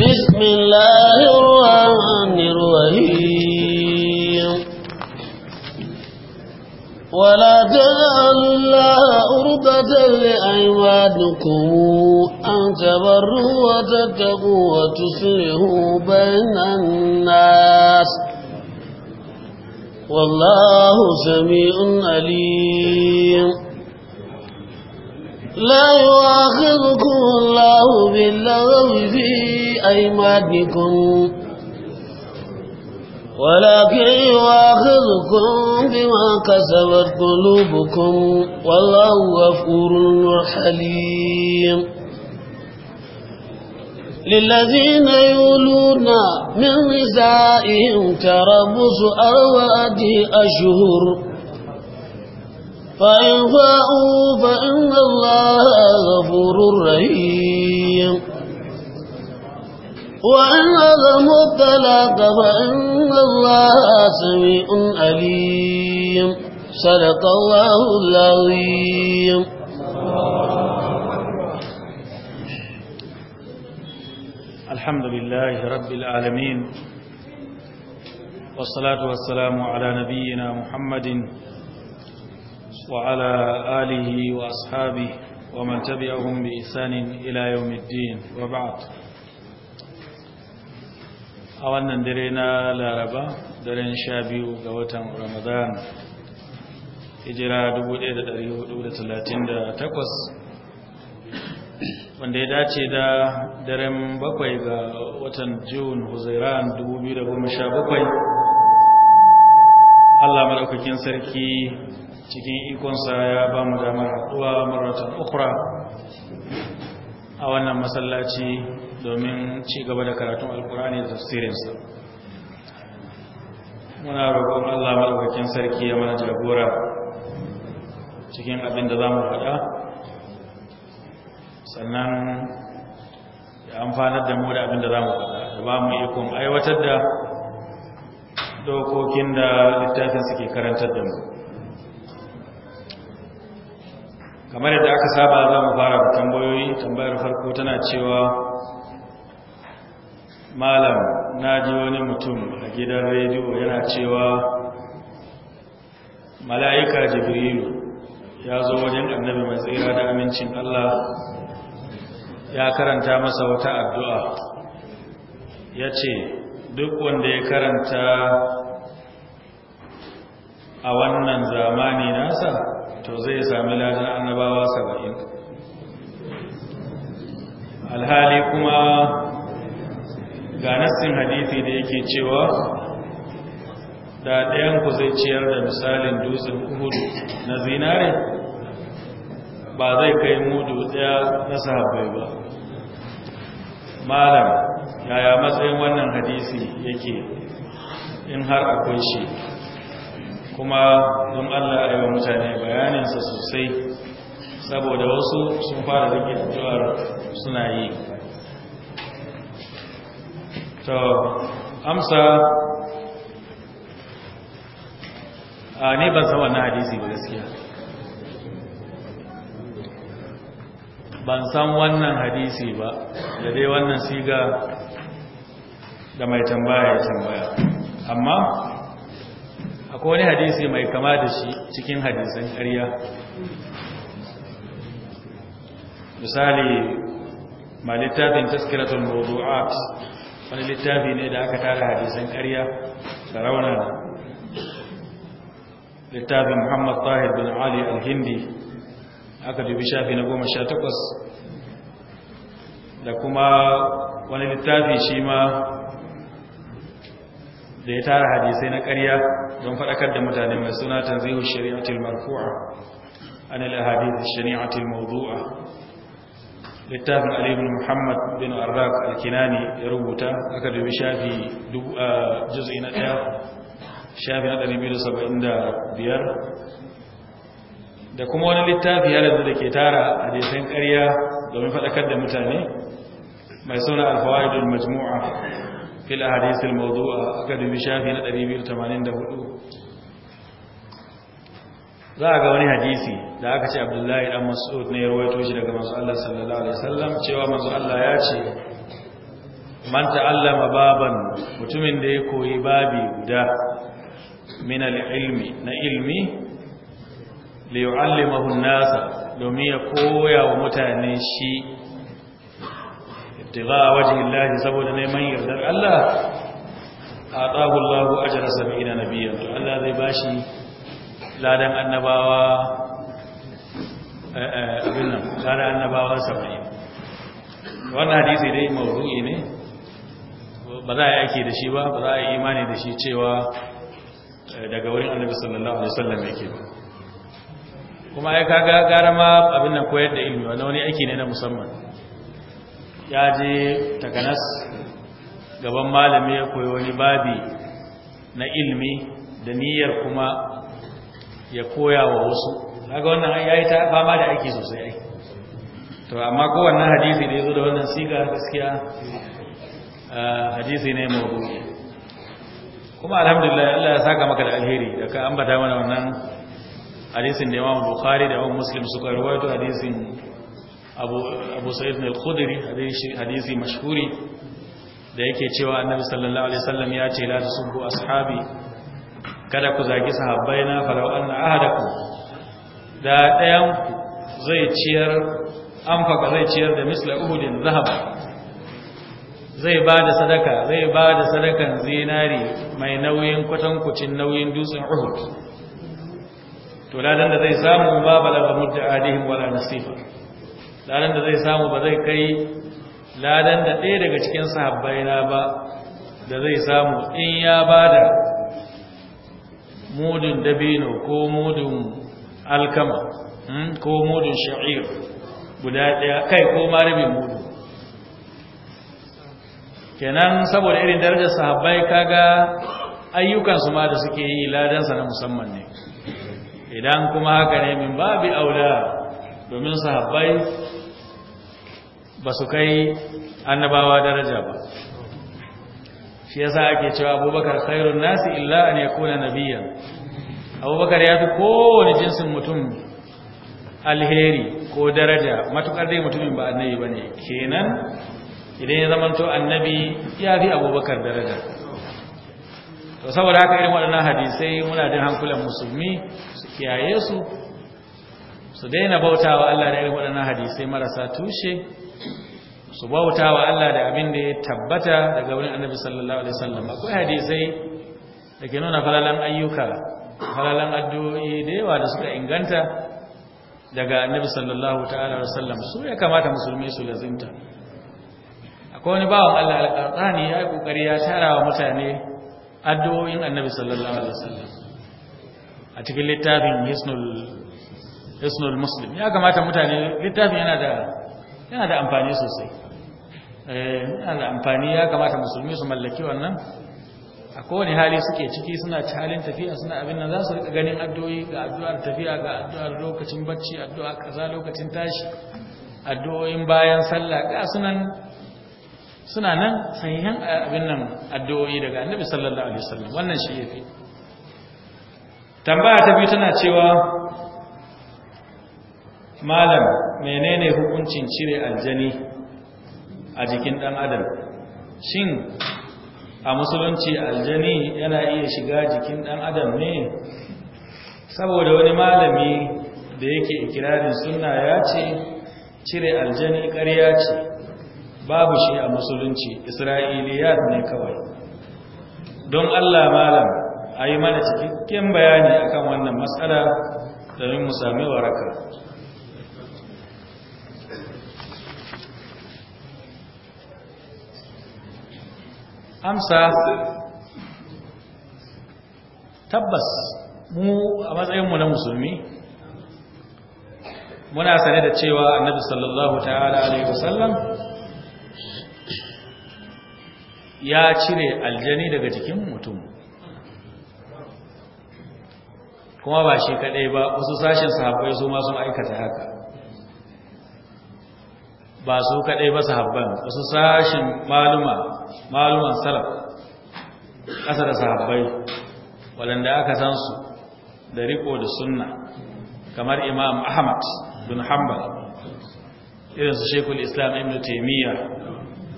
بسم الله الرحمن الرحيم ولا تجعل الله أربة لأيمانكم أن تبروا وتتقوا وتصلحوا بين الناس والله سميع عليم لا يؤاخذكم الله باللغو في أيمانكم ولكن يؤاخذكم بما كسبت قلوبكم والله غفور حليم للذين يولون من نسائهم تربص أرواد أشهر فإن فاءوا فإن الله غفور رحيم وإن أظلموا الطلاق فإن الله سميع أليم صدق الله العظيم الحمد لله رب العالمين والصلاة والسلام على نبينا محمد وعلى آله وأصحابه ومن تبعهم بإحسان إلى يوم الدين وبعد a wannan dare na laraba daren sha biyu ga watan ramadan hijira 1438 wanda ya dace da daren bakwai ga watan june huzairan 2017 allah maɗaukakin sarki cikin ikonsa ya ba mu damar haɗuwa maratan ukura a wannan masallaci domin ci gaba da karatun alkurani da tafsirinsa muna roƙon Allah malaukakin sarki ya mana jagora cikin abin da za mu faɗa sannan ya amfanar da mu da abin da za mu faɗa da ba mu ikon aiwatar da dokokin da littafin suke karantar da mu kamar yadda aka saba za mu fara tambayoyi tambayar farko tana cewa malam na ji wani mutum a gidan rediyo yana cewa mala'ika jibrilu ya zo wajen annabi mai tsira da amincin Allah ya karanta masa wata addu'a ya ce duk wanda ya karanta a wannan zamani nasa to zai sami ladan annabawa saba'in alhali kuma ga nassin hadithi da yake cewa da ɗayanku zai ciyar da misalin dutsen uhudu na zinare ba zai kai mudu ɗaya na sahabai ba malam yaya matsayin wannan hadisi yake in har akwai shi kuma don allah a mutane bayaninsa sosai saboda wasu sun fara rike jawar suna yi to amsa a ne ban san wannan hadisi ba gaskiya ban san wannan hadisi ba da dai wannan siga da mai tambaya ya tambaya amma akwai wani hadisi mai kama da shi cikin hadisan ƙarya misali ma littafin taskiratul mawdu'at wani littafi ne da aka tara hadisan ƙarya da raunana littafin muhammad tahir bin ali al-hindi aka dubi shafi na goma sha takwas da kuma wani littafi shi ma da ya tara hadisai na ƙarya don faɗakar da mutane mai suna tanzihu shari'atul marfu'a an al-ahadith shari'atul mawdu'a littafin alibin muhammad bin arraq alkinani ya rubuta aka dubi shafi a juz'i na ɗaya shafi na 275 da kuma wani littafi ya da ke tara a jisan ƙarya domin faɗakar da mutane mai suna alfawa'idul majmu'a fil hadisul mawdu'a aka dubi shafi na 284 za a ga wani hadisi da aka ce abdullahi dan mas'ud ne ya rawaito shi daga manzo Allah sallallahu alaihi wasallam cewa manzo Allah ya ce man ta'allama baban mutumin da ya koyi babi guda min ilmi na ilmi li yu'allimahu an-nas domin ya koya wa mutane shi ibtigha wajhi Allah saboda neman yardar Allah a Allah ajra na nabiyyan to Allah zai bashi ladan annabawa eh, eh, abin nan ladan annabawa saba'in wannan hadisi dai mawru'i ne ba za a yi ake da shi ba ba za a yi imani da shi cewa eh, daga wurin annabi sallallahu alaihi wasallam yake ba kuma ai kaga gara ma abin nan koyar da ilmi wannan wani aiki ne na musamman ya je takanas gaban malami ya koyi wani babi na ilmi da niyyar kuma ya koya wa wasu daga wannan yi ta fama da aiki sosai ai to amma ko wannan hadisi da zo da wannan siga gaskiya eh, hadisi ne mawdu'i kuma alhamdulillah Allah ya saka maka da alheri da ka ambata mana wannan hadisin da Imam Bukhari da Imam Muslim suka rawaito hadisin Abu Abu Sa'id al-Khudri hadisi hadisi mashhuri da yake cewa Annabi sallallahu alaihi wasallam ya ce la tasubbu ashabi kada ku zagi sahabbai na falau an ahadaku da ɗayan ku zai ciyar an faka zai ciyar da misla uhudin zahab zai ba da sadaka zai ba da sadakan zinari mai nauyin kucin nauyin dutsen uhud to ladan da zai samu ba balaga mutu adihim wala nasifa ladan da zai samu ba zai kai ladan da ɗaya daga cikin sahabbai na ba da zai samu in ya ba da. mudun dabino ko mudun alkama hmm, ko mudun sha'ir guda ɗaya kai ko ma rabin mudu kenan saboda irin darajar sahabbai kaga ayyukansu ma da suke yi ladansa na musamman ne idan kuma haka ne min babi aula domin sahabbai ba su kai annabawa daraja ba shi yasa ake cewa abubakar khairun nasi illa an yakuna nabiyyan abubakar ya fi kowane jinsin mutum alheri ko daraja matukar dai mutumin ba annabi bane kenan idan ya zamanto annabi ya fi abubakar daraja to saboda haka irin waɗannan hadisai muna jin hankulan musulmi su kiyaye su su daina bautawa Allah da irin waɗannan hadisai marasa tushe su bauta wa Allah da abin da ya tabbata daga wurin annabi sallallahu alaihi wasallam akwai hadisai da ke nuna falalan ayyuka falalan addu'o'i da yawa da suka inganta daga annabi sallallahu ta'ala wa wasallam su ya kamata musulmi su lazimta akwai wani bawan Allah al-Qur'ani ya yi kokari ya tara wa mutane addu'o'in annabi sallallahu alaihi wasallam a cikin littafin hisnul hisnul muslim ya kamata mutane littafin yana da yana da amfani sosai eh, yana da amfani ya kamata musulmi su mallaki wannan a kowane hali suke ciki suna halin tafiya suna abin nan za su rika ganin addu'o'i ga addu'ar tafiya ga addu'ar lokacin bacci addu'a kaza lokacin tashi addu'o'in bayan sallah ga sunan suna nan sahihan abin nan addu'o'i daga annabi sallallahu alaihi wasallam wannan shi yafi tambaya ta biyu tana cewa malam menene hukuncin cire aljani a jikin dan adam shin a musulunci aljani yana iya shiga jikin dan adam ne saboda wani malami da yake ikirarin sunna ya ce cire aljani ƙarya ce babu shi a musulunci Isra'iliya ne kawai don allah malam a yi mana cikakken bayani akan wannan matsala domin mu sami waraka amsa tabbas mu a matsayinmu na musulmi muna sane da cewa annabi sallallahu ta'ala alaihi wasallam ya cire aljani daga jikin mutum kuma ba shi kadai ba wasu sashen sahabbai su ma sun aikata haka ba su kaɗai ba sahabban wasu sashin maluma maluman salaf ƙasa da sahabbai waɗanda aka san su da riko da sunna kamar imam ahmad bin hanbal irin su shekul islam ibn taimiyya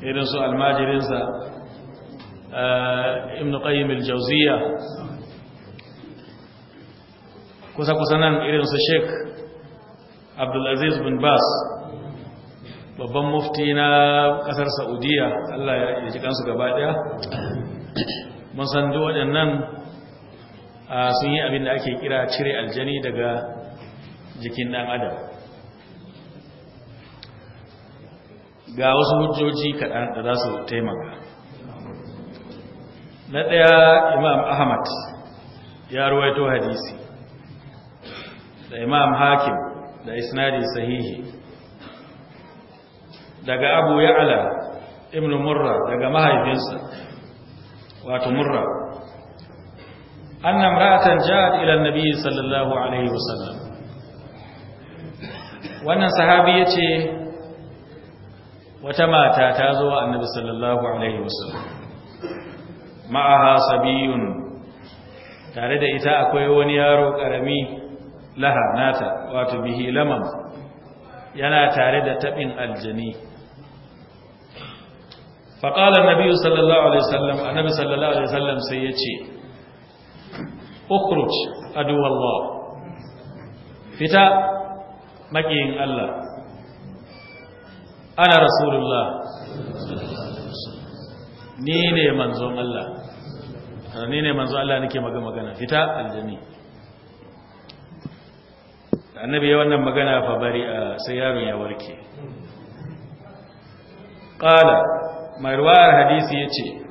irin almajirinsa eh, ibn qayyim al kusa kusa nan irin su abdulaziz bin bas babban mufti na kasar saudiya allah ya ji kansu gaba daya masandu waɗannan sun yi abin da ake kira cire aljani daga jikin ɗan adam ga wasu hujjoji kaɗan da za su taimaka na ɗaya imam ahmad ya ruwaito hadisi da imam hakim da isnadi sahihi daga abu ya ala, ibn murra daga mahaifinsa wato murra annam ra'atan ja'at ila annabi sallallahu alaihi wasallam wannan sahabi ce wata mata ta zo wa annabi sallallahu alaihi wasallam ma'aha sabiyun tare da ita akwai wani yaro karami laha nata wato bihi lamam yana tare da tabin aljani faƙalar nabi sallallahu alaihi wasallam annabi sallallahu alaihi wasallam sai ya ce ukhruj aduwallah fita maƙiyin Allah ana rasulullah ni ne manzon Allah ni ne manzon Allah nake maga magana fita aljani annabi ya wannan magana fa bari sai yaron ya warke qala mai ruwayar hadisi ya ce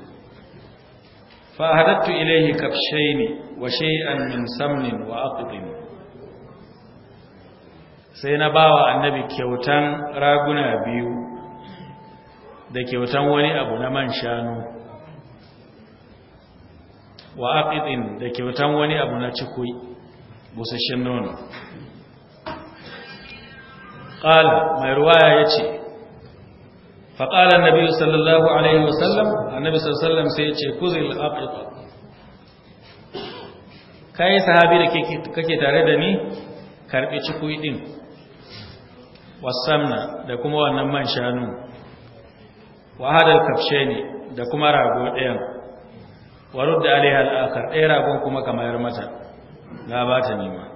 fahadattu ilaihi kafshai ne wa shay'an min samnin wa aqdin sai na bawa annabi kyautan raguna biyu da kyautan wani abu na man shanu wa aqdin da kyautan wani abu na cikui busashin nono qala mai ruwaya yace فقال النبي صلى الله عليه وسلم النبي صلى الله عليه وسلم سيئة كذي الأبعطة كاي صحابي لكي تاردني دني كاربي چكوي دين والسمنة دكما ونمان شانو وهذا الكبشيني دكما راغو ايام ورد عليها الآخر اي راغو كما كما يرمتا لا بات نيما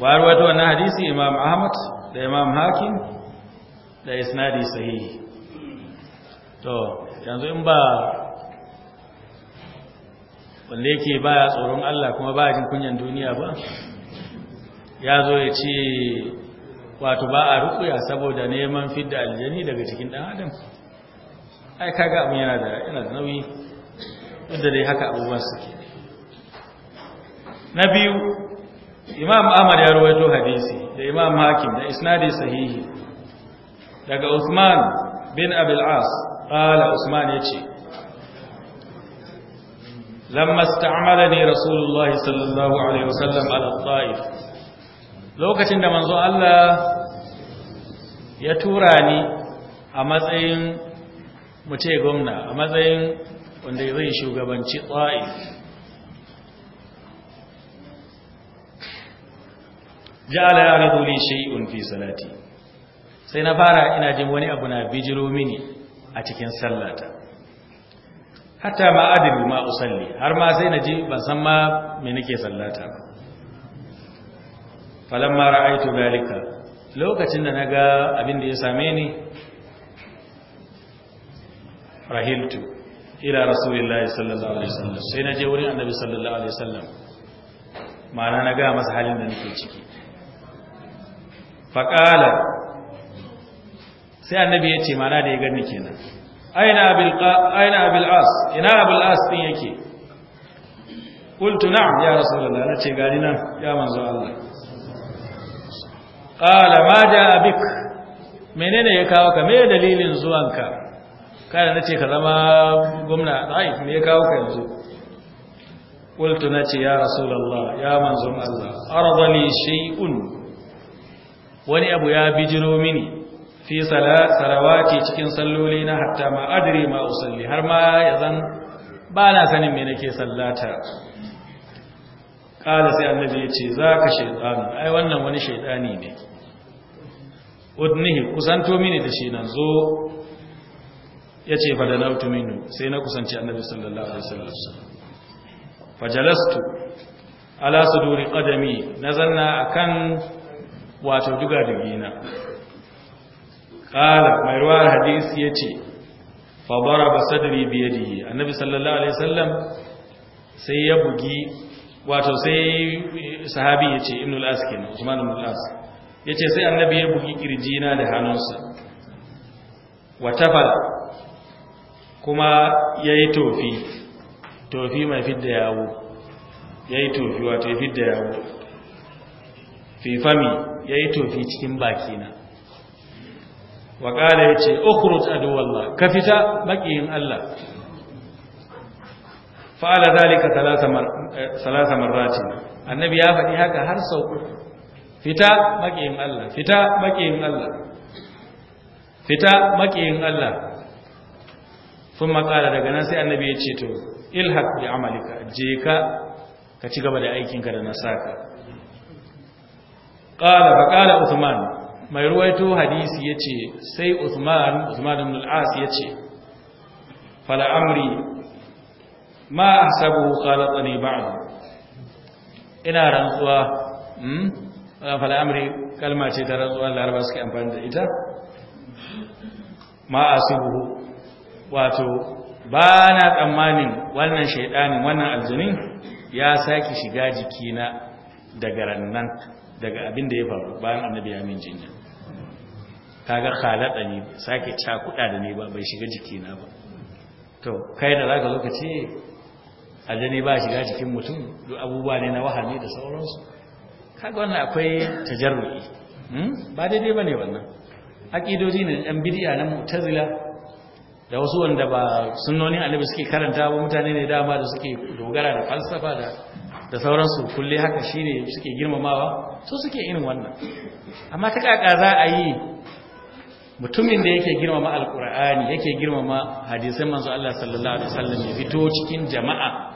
وارواته أن حديث إمام أحمد da imam da isnadi sahihi to yanzu in ba wanda yake ya tsoron Allah kuma ya jin kunyan duniya ba ya zo ya ce wato ba a rukuya saboda neman fidda aljani daga cikin dan adam ai kaga abin yana da yana da nauyi wanda dai haka abubuwan suke na biyu imam ahmad ya rawaito hadisi da imam hakim da isnadi sahihi daga Usman bin Abil As qala Usman yace lamma sta'malani Rasulullah sallallahu alaihi wasallam ala Taif lokacin da manzo Allah ya tura ni a matsayin mu ce gwamna a matsayin wanda zai shugabanci Taif ja'ala ya'ridu li shay'un fi salati sai na fara ina jin wani abu na bijiro mini a cikin sallata hatta ma adibu ma usalli har ma sai na ji ban san ma me nake sallata ba falamma ra'aytu dalika lokacin da naga abin da ya same ni rahiltu ila rasulillahi sallallahu alaihi wasallam sai na je wurin annabi sallallahu alaihi wasallam ma'ana na ga masa halin da nake ciki faqala sai annabi ya ce mana da ya gani kenan nan aina abil as ina abil as din yake qultu ya ya na ce gani nan ya manzo Allah qala ma ja bik menene ya kawo ka me dalilin zuwanka Kada na ce ka zama gwamna dai ne ya kawo ka yanzu qultu ce ya Allah ya manzo Allah arzali shi'un wani abu ya bijiro mini fi salawati cikin salloli na hatta ma adri ma usalli har ma ya zan ba na sanin me nake sallata kala sai annabi ya ce zaka shaytanu ai wannan wani shaytani ne udnihi kusanto mini da shi nan zo ya ce fa da nautu minu sai na kusanci annabi sallallahu alaihi wasallam fajalastu ala suduri qadami nazanna akan wato duga dugina Kala mai ruwa hadisi yace fa daraba sadri bi yadihi annabi sallallahu alaihi sallam sai ya bugi wato sai sahabi ya ce inu as kenan Usman Mulas, al ce sai annabi ya bugi kirjina da hannunsa wa kuma kuma yi tofi tofi mai fidda yawo yi tofi wato ya fidda yawo fi fami yi tofi cikin bakina wa ƙala ya ce ukhruj aduwallah ka fita maƙiyin Allah fa'ala zalika salasa eh, marrati annabi ya faɗi haka har sau fita maƙiyin Allah fita maƙiyin Allah fita maƙiyin Allah sun makala daga nan sai annabi ya ce to ilhaq bi amalika je ka ka ci gaba da aikinka da nasaka qala fa qala uthman mai ruwaito hadisi ya ce sai usman usman ibn al'as ya ce fala amri ma ahsabu khalatani ba'd ina rantsuwa hmm ah, fala amri kalma ce ta rantsuwa laraba suke amfani da ita ma ahsabu wato ba na tsammanin wannan shaidanin wannan aljanin ya sake shiga jikina daga rannan daga abin da ya faru bayan annabi ya min jinya kaga khalada ne sake kuda da ne ba bai shiga jikina ba to kai da zaka lokaci aljani ba shiga jikin mutum duk abubuwa ne na wahani da sauransu kaga wannan akwai tajarrui hmm? ba daidai bane wannan aqidoji ne dan bid'a na mu'tazila da wasu wanda ba sunnonin annabi suke karanta ba mutane ne dama da suke dogara da falsafa da da sauransu kulle haka shine suke girmamawa so suke irin wannan amma ta kaka za a yi mutumin da yake girmama alkur'ani yake girmama hadisai, manzo Allah sallallahu alaihi wasallam ya fito cikin jama'a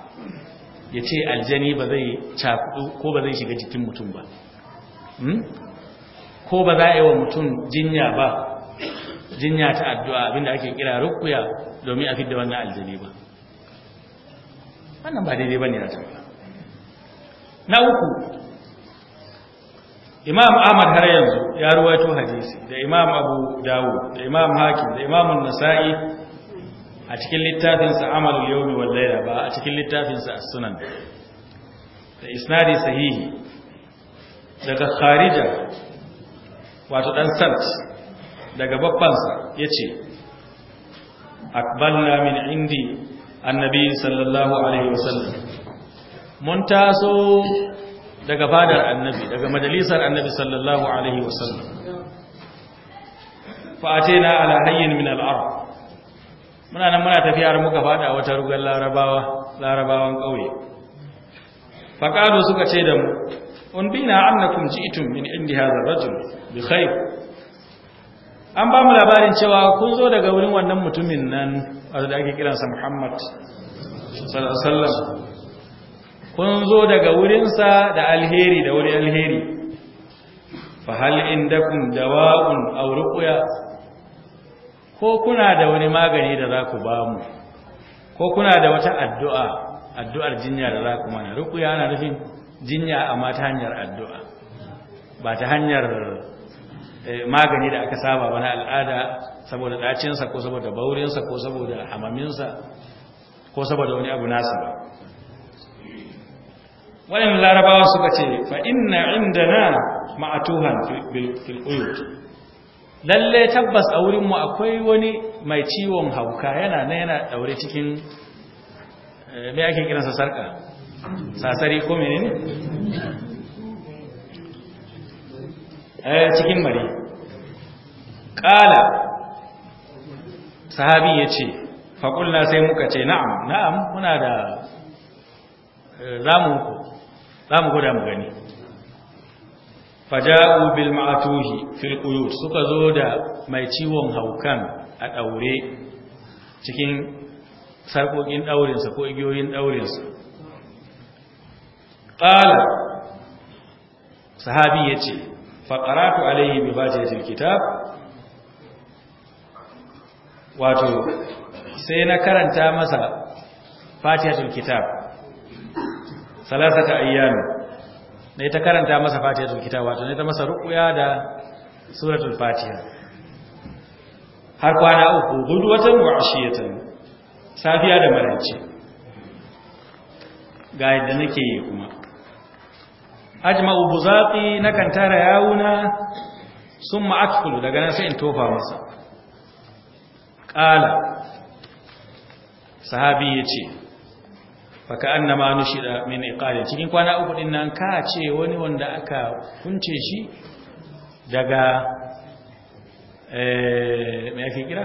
ya ce aljani ba zai cakudu ko ba zai shiga jikin mutum ba hmm? ko ba za a yi wa mutum jinya ba jinya ta addu'a abinda ake kira rukuya domin a fidda wannan aljani ba wannan ba daidai ba ne a na uku imam ahmad har yanzu ya ruwaito hadisi da imam abu dawo da imam hakim da imam nasa'i a cikin littafinsa amal yawmi wal ba a cikin littafinsa as-sunan da isnadi sahihi daga kharija wato dan salt daga babbansa yace akbalna min indi annabi sallallahu alaihi wasallam mun taso daga fadar annabi daga majalisar annabi sallallahu alaihi wasallam fa'atena na alhayyin min al'ar muna nan muna tafiya har muka fada wata rugar larabawa larabawan ƙauye faƙalu suka ce da mu unbina annakum ji'tum min indi hadha rajul bi khair an ba mu labarin cewa kun zo daga wurin wannan mutumin nan da ake kiransa Muhammad sallallahu alaihi wasallam kun zo daga wurinsa da alheri da wuri alheri fa hal indakum dawa'un aw ruqya ko kuna da wani magani da za ku ba mu ko kuna da wata addu'a addu'ar jinya da za ku mana ruqya ana nufin jinya amma ta hanyar addu'a ba ta hanyar eh, magani da aka saba na al'ada saboda dacinsa ko saboda baurinsa ko saboda hamaminsa ko saboda wani abu nasu ba Wannan larabawa suka ce fa inna indana ma'atuhan fil uyut lalle tabbas a wurinmu akwai wani mai ciwon hauka yana na yana daure cikin eh, me ake sa sarka sasari ko menene eh cikin mare kala sahabi yace fa kullana sai muka ce na'am na'am muna da eh, zamu za mu guda mu gani faja'u bil ma'atuhi fil quyut suka zo da mai ciwon haukan a daure cikin sarkokin daurin sa ko igiyoyin daurin sa qala sahabi yace fa qara'tu alayhi bi fatihatil kitab wato sai na karanta masa fatihatul kitab salasata ayyami ne ta karanta masa fatihatul kitab wato ne ta masa ruqya da suratul fatiha har kwana uku gudwatan wa ashiyatan safiya da maranci ga yadda nake yi kuma ajma'u buzaqi na tara yawuna summa adkhulu daga nan sai in tofa masa qala sahabi yace faka annama nushida min iqalin cikin kwana uku din nan ka ce wani wanda aka kunce shi daga eh me yake kira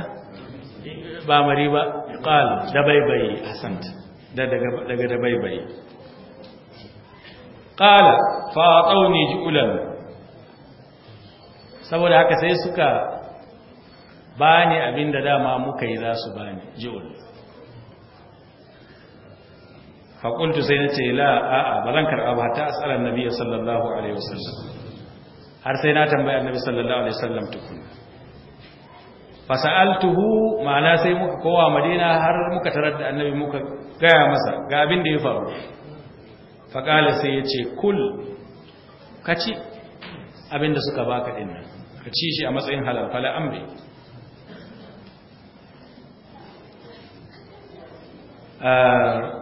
ba mari ba iqal dabaibai hasant da daga daga dabaibai qala fa atawni julan saboda haka sai suka bani abinda dama muka yi za su bani julan fakultu sai na ce la a'a ba zan karɓa ba ta asalar nabi sallallahu alaihi wasallam har sai na tambaya nabi sallallahu alaihi wasallam tukuna fasa'altuhu ma'ana sai muka kowa madina har muka tarar da annabi muka gaya masa ga abin da ya faru faƙala sai ya ce kul ka ci abin da suka baka ɗin nan ka ci shi a matsayin halal fala amri Uh,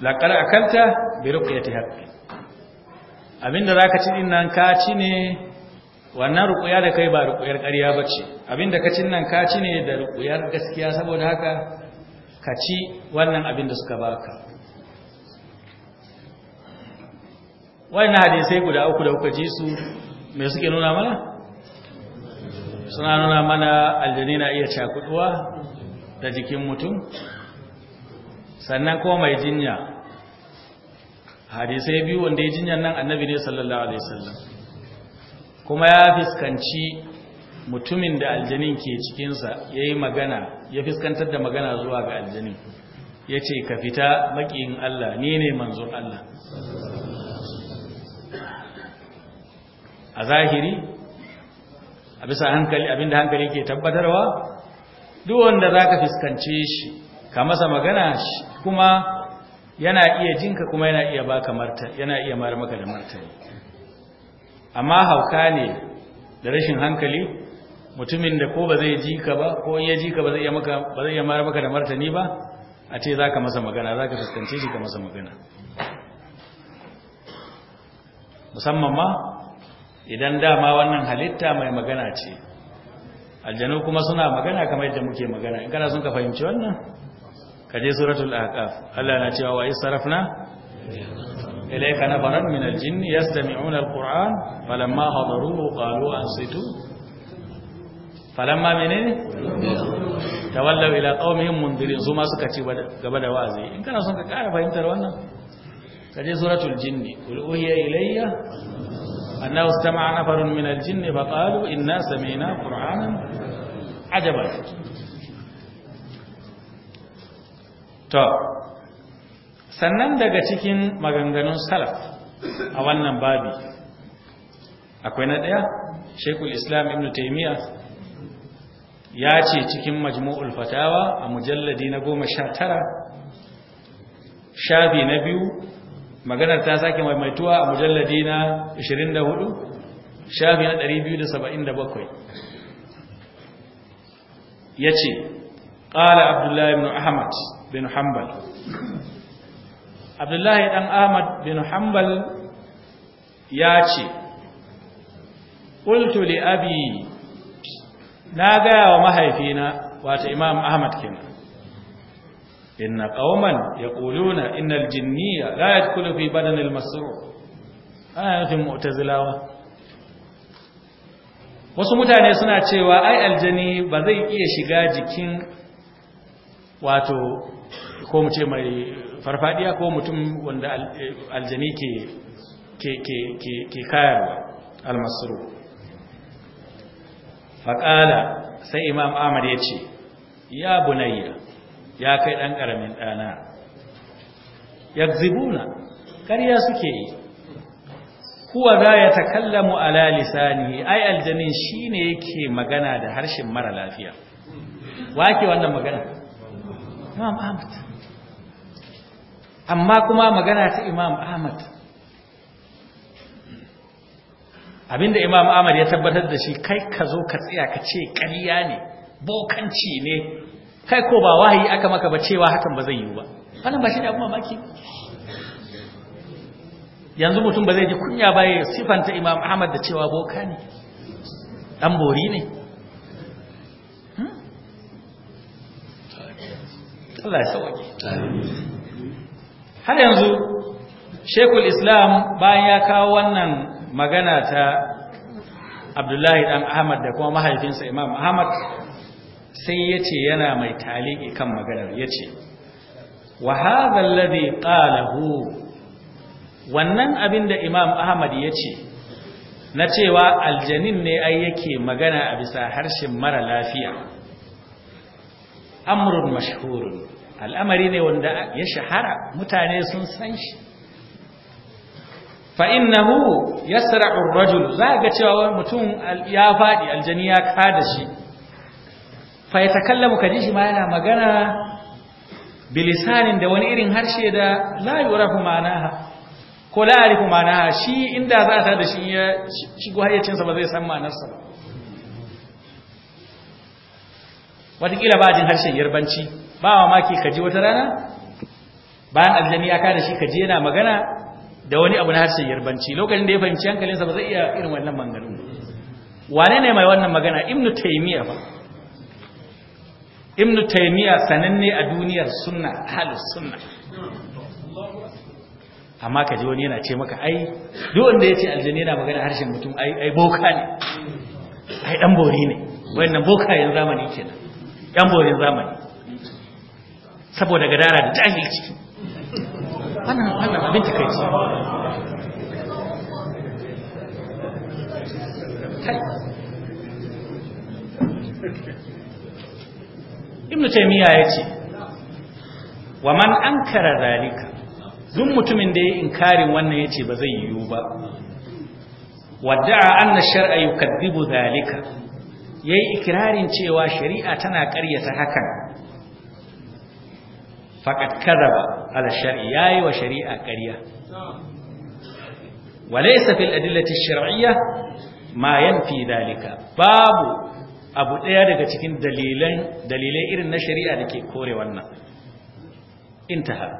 laƙar akalta bai ruƙuyati haƙƙi abinda za ka ci nan ka ci ne wannan ruƙuya da kai ba rukuyar ƙariya ba ce abinda ka ci nan ka ci ne da ruƙuyar gaskiya saboda haka ka ci wannan abin da suka baka nahadi sai guda uku da kuka ji su mai suke nuna mana suna nuna mana aljani na iya cakuduwa da jikin mutum sannan kuma mai jinya hadisai biyu wanda ya jinyar nan annabi ne sallallahu alaihi wasallam kuma ya fiskanci mutumin da aljanin ke cikinsa ya yi magana ya fiskantar da magana zuwa ga aljanin ya ce ka fita makiyin Allah ni ne manzon Allah a zahiri a bisa hankali abinda hankali ke tabbatarwa duk wanda za ka fiskance shi ka masa magana kuma yana iya jinka kuma yana iya baka martani yana iya mara maka da martani amma hauka ne da rashin hankali mutumin da ko ba zai ji ka ba ko in ya ji ka ba zai iya maka ba zai iya mara maka da martani ba a ce zaka masa magana zaka fuskance shi ka masa magana musamman ma idan dama wannan halitta mai magana ce aljanu kuma suna magana kamar yadda muke magana in kana sun ka fahimci wannan kaje suratul aqaf Allah na cewa wa isarafna ilayka nafaran min aljin yastami'una alquran falamma hadaruhu qalu ansitu falamma menene tawallaw ila qaumihim mundirin zuma suka ci gaba da wa'azi in kana son ka kara fahimtar wannan kaje suratul jinn qul uhiya ilayya anna istama'a nafarun min aljin faqalu inna sami'na qur'anan ajaba to sannan daga cikin maganganun salaf a wannan babi akwai na ɗaya shekul islam ibn taimiyya ya ce cikin majmu'ul fatawa a mujalladi na goma sha tara shafi na biyu maganar ta sake maimaituwa a mujalladi na 24 shafi na 277 ya ce ƙala abdullahi ibn ahmad bin Hanbal Abdullahi dan Ahmad bin Hanbal ya ce UlTuli li abi na gaya wa mahaifina wata Imam Ahmad kenan inna qauman yaquluna innal jinniya la yadkhulu fi badan al-masruq ana nufin mu'tazilawa wasu mutane suna cewa ai aljani ba zai iya shiga jikin wato ko mu ce mai farfadiya ko mutum wanda eh, aljani ke kayarwa almasru faƙala sai imam amur ya ce ya bunayya ya kai ɗan ƙaramin ɗana ya zibuna suke yi kuwa za ya takallamu ala lisani ai aljanin shine yake magana da harshen mara lafiya wake wannan magana imam ahmad amma kuma magana ta imam ahmad abinda imam ahmad ya tabbatar da shi kai ka zo ka tsaya ka ce ƙarya ne bokanci ne kai ko ba wahayi aka maka ba cewa hakan ba zai yiwu ba wannan ba shi da abu mamaki yanzu mutum ba zai ji kunya ba ya sifanta imam ahmad da cewa boka ne dan bori ne Allah ya sauke har yanzu Sheikhul Islam bayan ya kawo wannan magana ta Abdullahi dan Ahmad da kuma mahaifinsa Imam Ahmad sai yace yana mai taliki kan maganar yace wa hadha alladhi qalahu wannan abin da Imam Ahmad yace na cewa aljanin ne ai yake magana a bisa harshen mara lafiya amrun mashhurun al'amari ne wanda ya shahara mutane sun san shi fa innahu yasra'u ar-rajul za ga cewa mutum ya faɗi aljani ya kada shi fa yatakallamu kaji shi ma yana magana bilisanin da wani irin harshe da la yurafu ko la yarifu shi inda za ta da shi ya shigo hayyacinsa ba zai san ma'anarsa ba watakila ba jin harshen yarbanci ba mamaki ka ji wata rana bayan aljami ya kada shi kaji yana magana da wani abu na harshen yarbanci lokacin da ya fahimci hankalinsa ba zai iya irin wannan manganin wane ne mai wannan magana imnu taymiya ba imnu taymiya sananne a duniyar sunna ahlus sunna amma kaji wani yana ce maka ai duk wanda ya ce aljani yana magana harshen mutum ai boka ne ai dan bori ne wayannan boka yan zamani kenan yan borin zamani saboda gadara da jahilci wannan wannan abin kai ibn taymiya yace wa man ankara zalika duk mutumin da ya inkarin wannan yace ba zai yiwu ba wadda'a anna shar'a yukaddibu zalika ya yi ikirarin cewa shari'a tana ƙaryata hakan faƙat kada ba shari'a ya yi wa shari'a ƙarya walaisa fil adillati shari'a ma fi dalika babu abu ɗaya daga cikin dalilai irin na shari'a da ke kore wannan intaha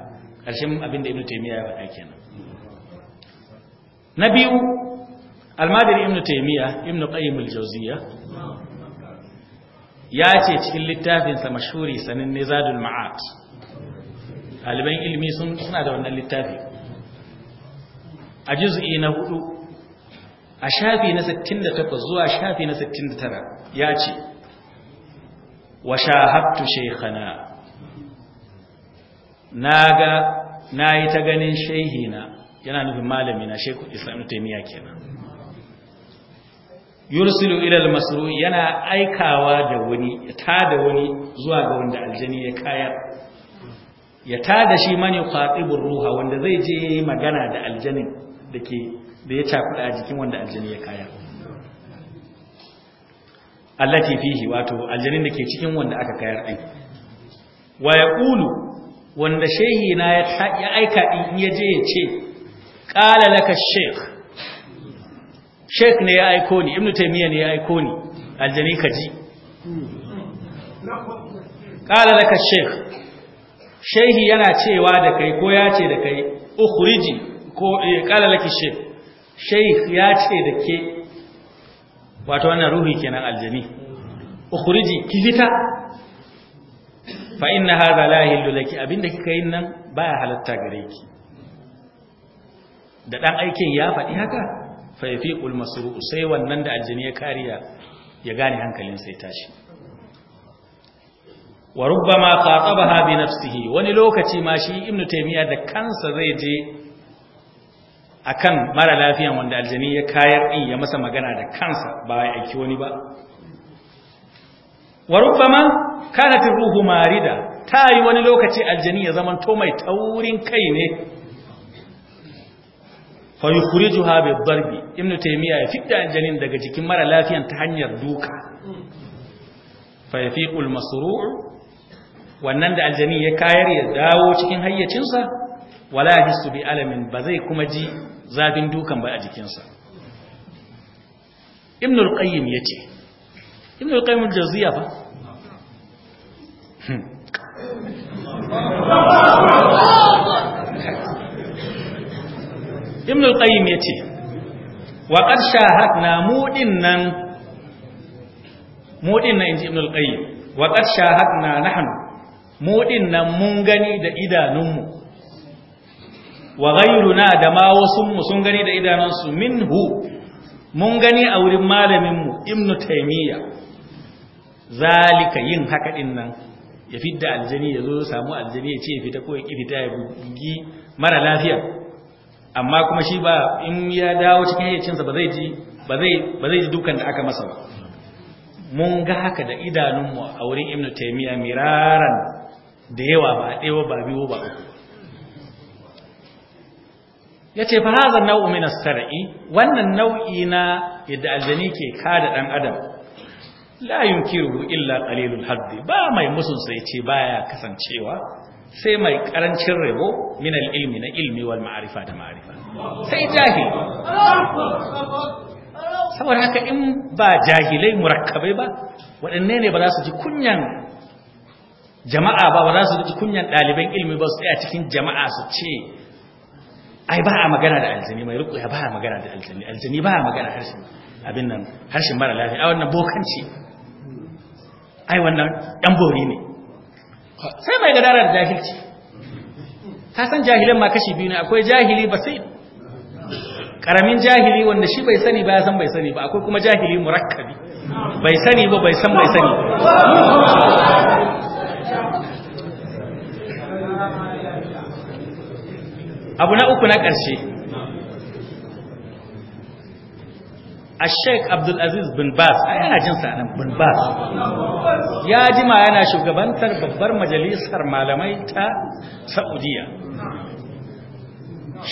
ƙarshen abinda ibn taimiyya ya faɗa kenan na biyu almadiri ibn taimiyya ibn qayyim al-jawziya ya ce cikin littafinsa mashuri sananne zadul ma'ad ɗaliban ilimi suna da wannan littafi a juz'i na hudu a shafi na 68 zuwa shafi na 69 ya ce wa shahabtu ga na yi ta ganin shehina yana nufin malami na shaykhu islamu taimiyya kenan yursilu ila al-masru yana aikawa da wani ta da wani zuwa ga wanda aljani ya kayar ya ta da shi mani khatibur ruha wanda zai je magana da aljanin dake da ya cakuda a jikin wanda aljani ya kayar allati fihi wato aljanin dake cikin wanda aka kayar ai. wa yaqulu wanda shehi na ya aika in ya je ya ce qala laka shaykh sheik ne ya aiko ni ibnu taymiya ne ya aiko ni aljani kaji kala laka sheik shehi yana cewa da kai ko ya ce da kai ukhriji ko kala eh, laki sheik sheik ya ce da ke wato wannan ruhi kenan aljani ukhriji ki fita fa inna hadha la hilu laki abinda kika yin nan baya halatta gare ki da dan aikin ya faɗi haka Faifi yafiqul sai wannan da aljini ya kariya ya gane hankalin sai tashi wa rubbama khatabaha bi nafsihi wani lokaci ma shi ibnu taymiya da kansa zai je akan mara lafiyan wanda aljini ya kayar din ya masa magana da kansa ba ya aiki wani ba wa rubbama kanat ruhu marida tayi wani lokaci aljini ya zamanto mai taurin kai ne fa yukhrijuha bi darbi ibnu taymiya ya fitta aljanin daga jikin mara lafiyan ta hanyar duka fa masru' wannan da aljani ya kayar ya dawo cikin hayyacinsa wala hisu bi alamin ba zai kuma ji zafin dukan ba a jikinsa ibn al-qayyim yace ibn al-qayyim al-jawziya fa hmm. ibn al-qayyim yace wa qad shahadna mu nan mu dinnan inji ibn al-qayyim wa qad shahadna nahnu mu nan mun gani da idanunmu wa ghayruna da ma wasu mu sun gani da idanunsu minhu mun gani a wurin mu ibn taymiya zalika yin haka nan ya fidda aljani ya zo samu aljani ya ce ya fita ko ya fita ya bugi mara lafiya amma kuma shi ba in ya dawo cikin hayyacinsa ba zai ji ba zai ba zai ji dukan da aka masa ba mun ga haka da idanunmu a wurin ibn taymiya miraran da yawa ba ɗewa ba biyo ba Ya ce fa hadha naw'u min as-sar'i wannan nau'i na yadda aljani ke kada dan adam la yunkiru illa qalilul haddi ba mai musun sai ce baya kasancewa sai mai karancin rabo min ilmi na ilmi wal ma'arifa da ma'arifa sai jahil saboda haka in ba jahilai murakkabai ba waɗanne ne ba za su ji kunyan jama'a ba ba za su ji kunyan ɗaliban ilmi ba su tsaya cikin jama'a su ce ai ba a magana da aljini mai rukuya ba a magana da aljini aljini ba a magana harshen abin nan harshen mara lafiya a wannan bokanci ai wannan ɗan bori ne sai mai gadara da jahilci Ta san jahilin ma kashi biyu ne akwai jahili sai. karamin jahili wanda shi bai sani ba ya san bai sani ba akwai kuma jahili murakkabi bai sani ba bai san bai sani abu na uku na ƙarshe a sheik abdulaziz bin bas a yana jin sa bin bas ya jima yana shugabantar babbar majalisar malamai ta saudiya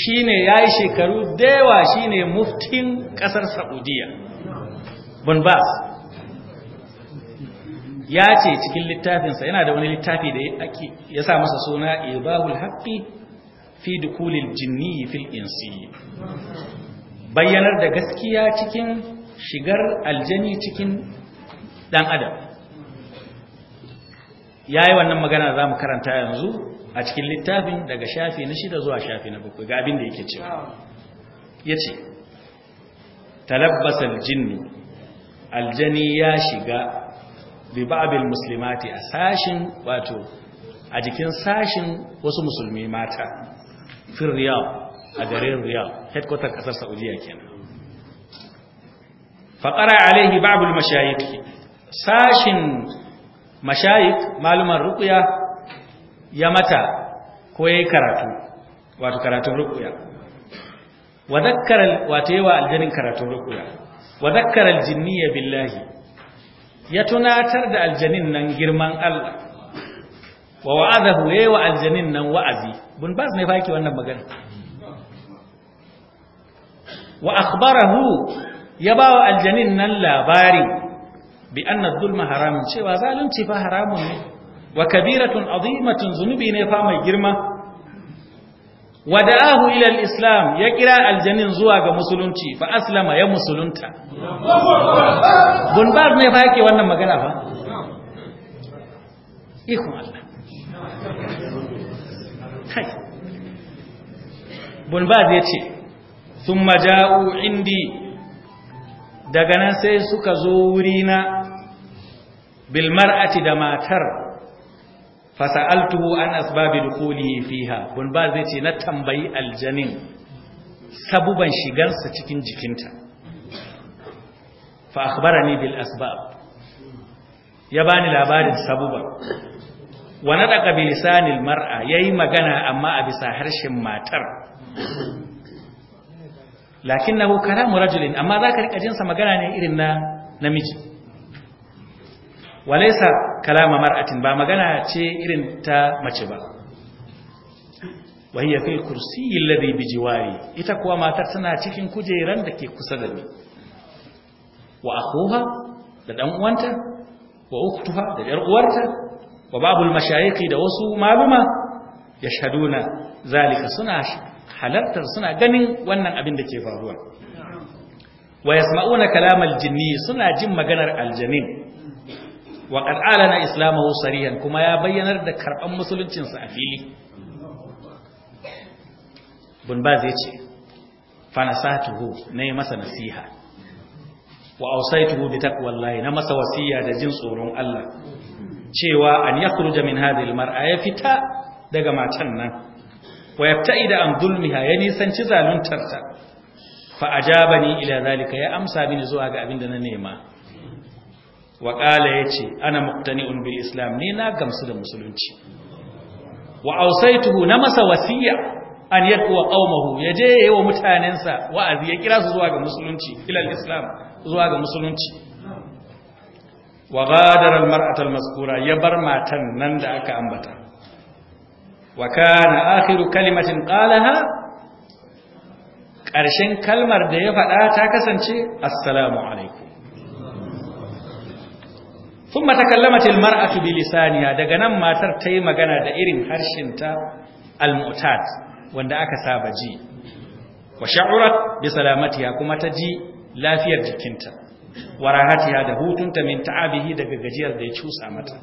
shi ne ya yi shekaru yawa shi ne muftin ƙasar saudiya bin bas ya ce cikin littafinsa yana da wani littafi da ya sa masa suna ibahul haƙƙi fi dukulil jinni fil insi bayyanar da gaskiya cikin shigar aljani cikin dan adam yayi wannan magana mu karanta yanzu a cikin littafin daga shafi na shida zuwa shafi na bakwai ga abin da yake cewa yace talabbasal jinni aljani ya shiga ribabil muslimati a sashin wato a jikin sashin wasu musulmi mata fir a garin riyadh headquarter kasar saudiya kenan faƙara alaihi babul mashayik sashin mashayik maluman rukuya ya mata ko ya karatu wato karatun rukuya wa zakkara wato yawa aljanin karatun rukuya wa zakkara aljinniya billahi ya tunatar da aljanin nan girman Allah wa wa'adahu yawa aljanin nan wa'azi bun bas ne faki wannan magana wa akhbarahu ya bawa aljanin nan labari bi anna zulma haramun cewa zalunci fa haramun ne wa kabiratun azimatun zunubi ne fa mai girma wa da'ahu ila al-islam ya kira aljanin zuwa ga musulunci fa aslama ya musulunta gunbar ne fa yake wannan magana fa ikon Allah ya ce Sun ja'u indi daga nan sai suka zo wurina bilmar mar'ati da matar fasa'altuhu an asbabi dukulihi fiha bun ba zai ce na tambayi aljanin sabuban shigarsa cikin jikinta fa ne bil asbab ya bani labarin sabuban wa nadaka bi lisanil mar'a yayi magana amma a bisa harshen matar Lakin lakinnahu kalamu rajulin amma zaka rika jinsa magana ne irin na namiji walaysa kalama mar'atin ba magana ce irin ta mace ba wahiya fil kursi alladhi bijiwari ita kuwa matar tana cikin kujeran da ke kusa da ni wa akhuha da dan uwanta wa uktufa da yar uwarta wa babul mashayikh da wasu maluma yashhaduna zalika suna halartar suna ganin wannan abin da ke faruwa wa yasma'una kalamal jinni suna jin maganar aljanin wa qad alana islamahu sarihan kuma ya bayyanar da karban musuluncin sa a fili bun ba zai ce fa nasatuhu nayi masa nasiha wa awsaytuhu bi taqwallahi na masa wasiya da jin tsoron Allah cewa an yakhruja min hadhihi al-mar'a ya fita daga matan nan wa yabta'ida an zulmiha ya nisanci ta. fa ajabani ila zalika ya amsa mini zuwa ga abin da na nema wa qala yace ana muqtani'un bil islam ni na gamsu da musulunci wa ausaituhu na masa wasiya an yaqwa qaumahu je yayi wa mutanensa wa'azi ya kira su zuwa ga musulunci ila islam zuwa ga musulunci wa ghadara al mar'ata al maskura ya bar matan nan da aka ambata wa kana akhiru kalimatin qalaha ƙarshen kalmar da ya faɗa ta kasance assalamu alaikum thumma takallamat almar'atu bi lisaniha daga nan matar ta yi magana da irin harshen ta almu'tad wanda aka saba ji wa sha'urat bi salamatiha kuma ta ji lafiyar jikinta wa rahatiha da hutunta min ta'abihi daga gajiyar da ya cusa mata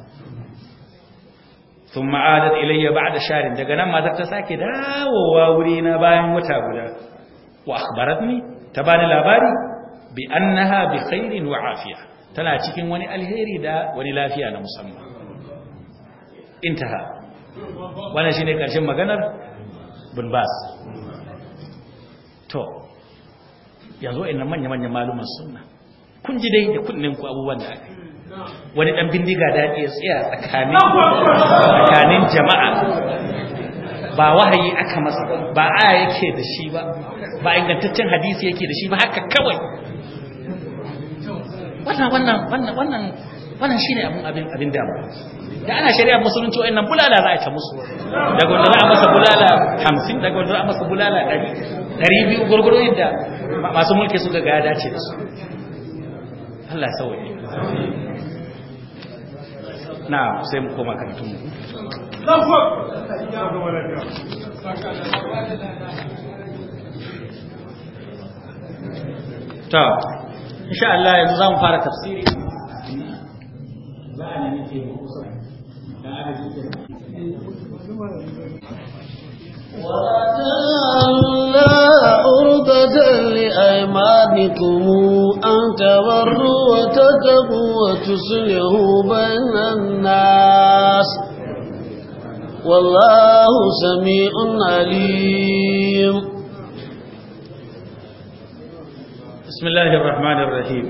sun ma'adar ilayya ba da sharin daga nan matar ta sake dawowa wuri na bayan wata guda wa akhbaratni ta bani labari bi annaha bi khairin wa afiya tana cikin wani alheri da wani lafiya na musamman In ta intaha wannan shine ƙarshen maganar bin to yanzu inna manya manya maluman sunna kun ji dai da kunnen ku abubuwan da aka yi wani dan bindiga da ya tsaya tsakanin tsakanin jama'a ba wahayi aka masa ba aya yake da shi ba ba ingantaccen hadisi yake da shi ba haka kawai wannan wannan wannan wannan wannan shine abin abin abin da da ana shari'a musulunci wayannan bulala za a ta musu daga wanda za a masa bulala 50 daga wanda za a masa bulala 100 200 gurgurun yadda masu mulki suka ga ya dace da su Allah sauke na sai mu koma karatun mu ta insha Allah yanzu zamu fara tafsiri za a nemi ke da adadi ولا عرضة لأيمانكم أن تبروا وتتقوا وتصلحوا بين الناس والله سميع عليم بسم الله الرحمن الرحيم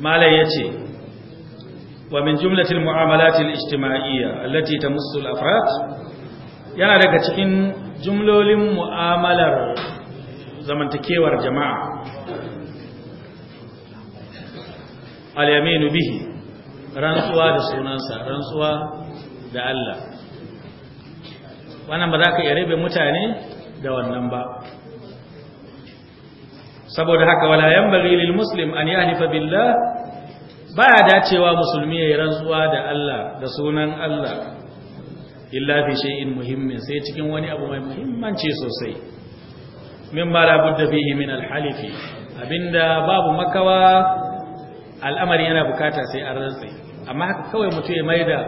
ما لا يتي ومن جملة المعاملات الاجتماعية التي تمس الأفراد yana daga cikin jumlolin mu'amalar zamantakewar jama'a al-yaminu bihi rantsuwa da sunansa rantsuwa da Allah wannan ba za ka iya rabe mutane da wannan ba saboda haka wala yanbaghi lil muslim an yahlifa billah baya dacewa musulmi ya yi rantsuwa da Allah da sunan Allah illa fi shay'in muhimmin sai cikin wani abu mai muhimmanci sosai mimma la budda fihi min al-halifi abinda babu makawa al'amari yana bukata sai an rantsa amma haka kawai mutum ya maida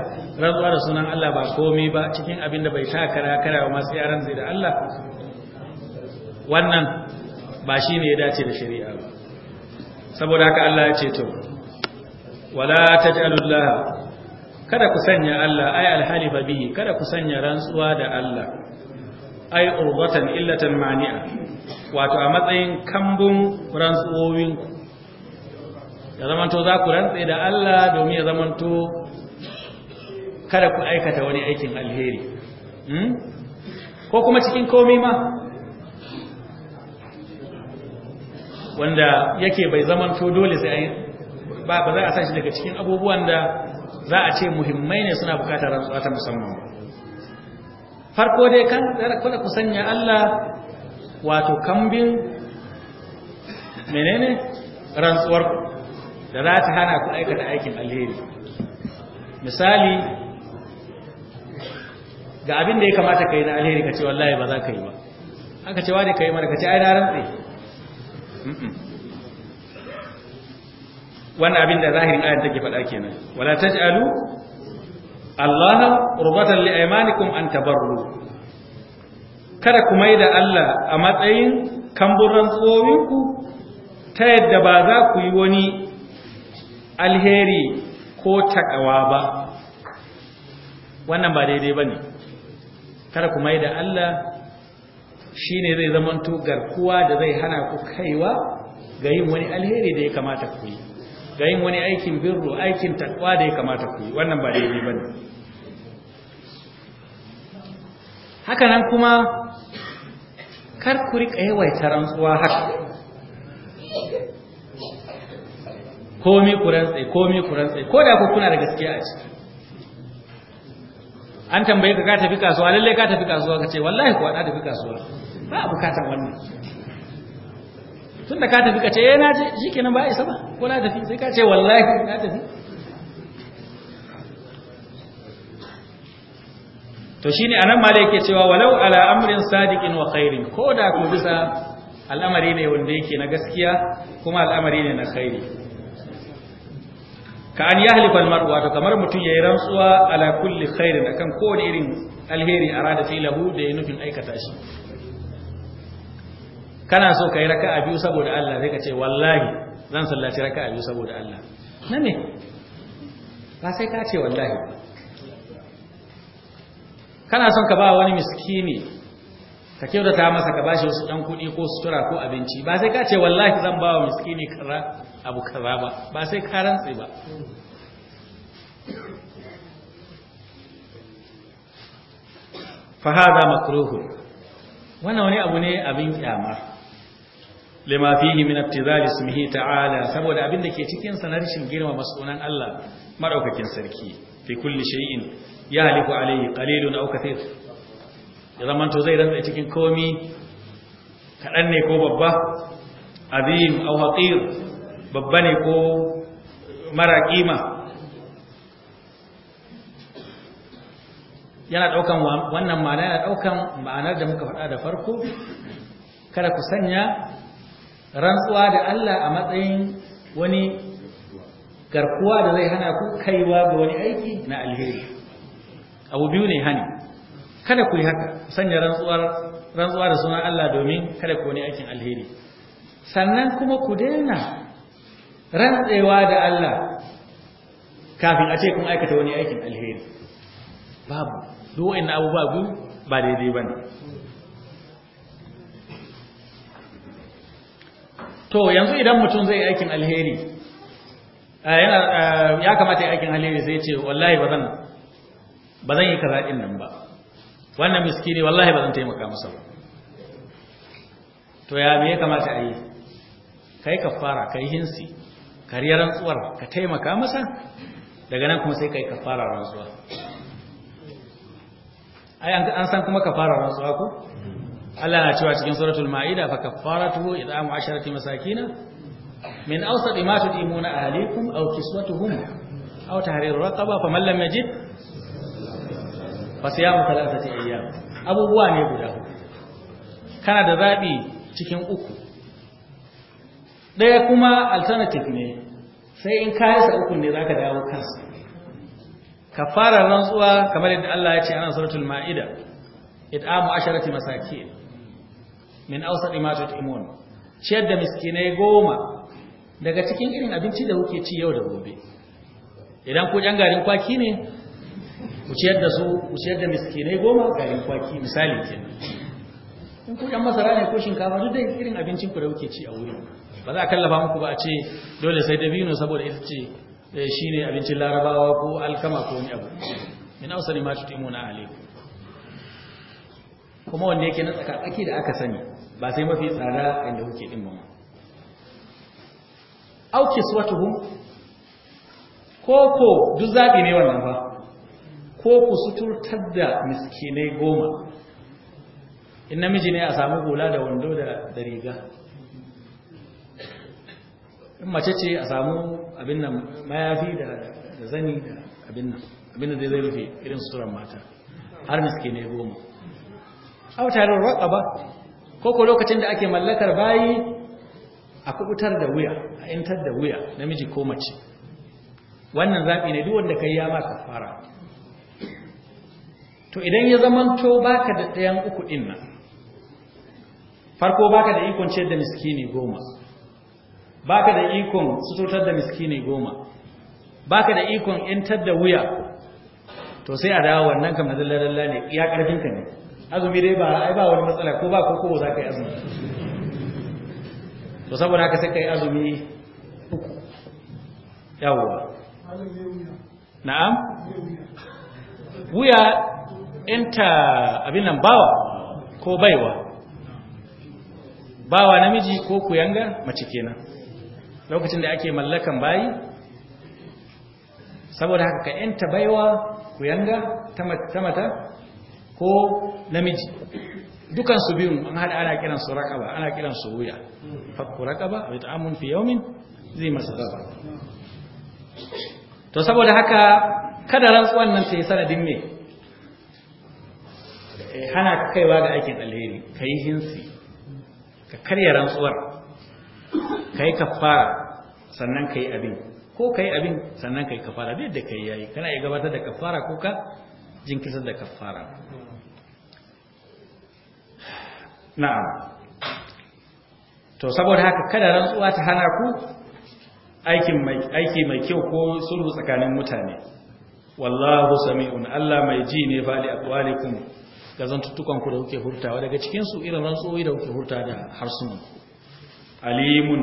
rantsuwa da sunan Allah ba komai ba cikin abinda bai takara kara kara ba sai an rantsa da Allah wannan ba shine ya dace da shari'a ba saboda haka Allah ya ce to wala ta taj'alullaha kada ku sanya Allah ay alhalifa bihi kada ku sanya rantsuwa da Allah ay urbatan illatan mani'a wato a matsayin kambun rantsuwowin ku ya zamanto za ku rantse da Allah domin ya zamanto kada ku aikata wani aikin alheri hmm? ko kuma cikin komai ma wanda yake bai zamanto dole sai ba ba za a sashi daga cikin abubuwan da za a ce muhimmai ne suna bukatar rantsuwa ta musamman farko dai kan kada ku sanya Allah wato kambin menene rantsuwar da za ta hana ku aikata aikin alheri misali ga abin da ya kamata ka yi na alheri ka ce wallahi ba za ka yi ba ka ce ka yi mana ka ce ai na rantsi wannan abin da zahirin ayar take faɗa kenan wala taj'alu Allah rubatan li aymanikum an tabarru kada ku maida Allah a matsayin kamburan tsoyinku ta yadda ba za ku yi wani alheri ko takawa ba wannan ba daidai bane kada ku maida Allah shine zai zamanto garkuwa da zai hana ku kaiwa ga yin wani alheri da ya kamata ku yi ga yin wani aikin birru aikin takwa da ya kamata ku yi wannan ba daidai ba ne haka nan kuma kar ku riƙa yawaita rantsuwa haka komi ku rantse komi ku rantse ko da ku kuna da gaskiya a ciki an tambaye ka ka tafi kasuwa lalle ka tafi kasuwa ka ce wallahi kuwa na tafi kasuwa ba a bukatan wannan tun da ka tafi ka ce eh, na je shi kenan ba a isa ba ko na tafi sai ka ce wallahi na tafi to shi a anan mala yake cewa walau al'amurin sadikin sadiqin wa khairin ko da ku bisa al'amari ne wanda yake na gaskiya kuma al'amari ne na khairi ka an yahlifa al wato kamar mutum ya yi rantsuwa ala kulli khairin akan kowane irin alheri rada fi lahu da ya nufin aikata shi kana so ka yi raka a biyu saboda Allah sai ka ce wallahi zan sallaci raka a biyu saboda Allah na ne ba sai ka ce wallahi kana son ka ba wani miskini ka kyautata masa ka bashi wasu ɗan kuɗi ko sutura ko abinci ba sai ka ce wallahi zan ba wa miskini kara abu kaza ba ba sai ka rantse ba fa hada makruhu wannan wani abu ne abin kyamar lima fihi min ibtizal ismihi ta'ala saboda abin da ke cikin sa na rashin girma masunan Allah madaukakin sarki fi kulli shay'in yahliku alayhi qalilun aw kathir ya zaman to zai rantsa cikin komi kadan ne ko babba azim aw haqir babba ne ko mara kima yana daukan wannan ma'ana yana daukan ma'anar da muka faɗa da farko kada ku sanya rantsuwa da Allah a matsayin wani garkuwa da zai hana ku kaiwa ga wani aiki na alheri abu biyu ne hani kada ku yi haka sanya rantsuwa da sunan Allah domin kada ku wani aikin alheri sannan kuma ku daina rantsewa da Allah kafin a ce kun aikata wani aikin alheri babu duk wa'annan abubuwa ba daidai bane to yanzu idan mutum zai aikin alheri eh, eh, ya kamata aikin alheri sai ce wallahi ba zan ba zan yi kaza din nan ba wannan miskini wallahi ba zan taimaka masa ba to ya me ya kamata a yi kai kafara kai hinsi kariyar rantsuwar ka taimaka masa daga nan kuma sai kai kafara rantsuwa ai an san kuma kafara rantsuwa ko Allah na cewa cikin suratul ma'ida fa kaffaratuhu it'amu 10 masakina min awsat ma tudimuna ahlikum aw kiswatuhum aw tahriru raqaba faman lam yajid fasiyamu thalathati ayyam abubuwa ne guda kana da zabi cikin uku daya kuma alternative ne sai in ka kayansa uku ne zaka dawo kansa kafarar rantsuwa kamar yadda Allah ya ce a suratul ma'ida it'amu 10 masakin min awsat ta tut'imun ciyar da miskinai goma daga cikin irin abinci da kuke ci yau da gobe idan ku jan garin kwaki ne ku ciyar da su ku ciyar da miskinai goma garin kwaki misali kenan in ku yan masara ne ko shinkafa duk da irin abincin ku da kuke ci a wurin ba za a kallafa muku ba a ce dole sai da biyu saboda ita ce eh, shine abincin larabawa ko alkama ko wani abu min ausa ne ma tutu imuna alaikum kuma wanda yake na tsakatsaki da aka sani ba sai mafi tsada inda kuke din ba ma auki Ko koko duk zaɓi ne wannan ba ko ku suturtar da miskinai goma in namiji ne a samu hula da wando da riga in mace ce a samu abin nan mayafi da zani da abin nan abin da zai rufe irin suturan mata har miskinai goma a wata yanar ba Koko lokacin da ake mallakar bayi a kubutar da wuya a intar da wuya namiji ko mace wannan zaɓi ne duk wanda kai ya ma kafara to idan ya to baka da ɗayan uku ɗin nan farko baka da ikon ciyar da miskini goma baka da ikon sututar da miskini goma baka da ikon intar da wuya to sai a dawo wannan kamar lalla ne iya karfinka ne azumi dai ba ai ba wani matsala ko ba ko ko za yi azumi to saboda haka sai ka yi azumi uku yawwa na'am wuya yanta abin nan bawa ko baiwa bawa namiji ko kuyanga mace kenan lokacin da ake mallakan bayi saboda haka ka yanta baiwa kuyanga ta mata ko namiji dukan su biyun an hada ana kiran su raqaba ana kiran su wuya fakku raqaba ta ta'amun fi yawmin zai masa raba to saboda haka kada rantsuwan nan ta yi sanadin me eh, hana kaiwa ga aikin alheri kai hinsi ka karya rantsuwar kai kafara sannan kai abin ko kai abin sannan kai kafara duk da kai yayi kana iya gabatar da kafara ko ka jinkirtar da kafara na'am to saboda haka kada rantsuwa ta hana ku aiki mai kyau ko sulhu tsakanin mutane wallahu sami'un Allah mai ji ne fa li aqwalikum ga zantuttukan ku da kuke hurtawa daga cikin su irin rantsuwa da kuke hurta da harsunan alimun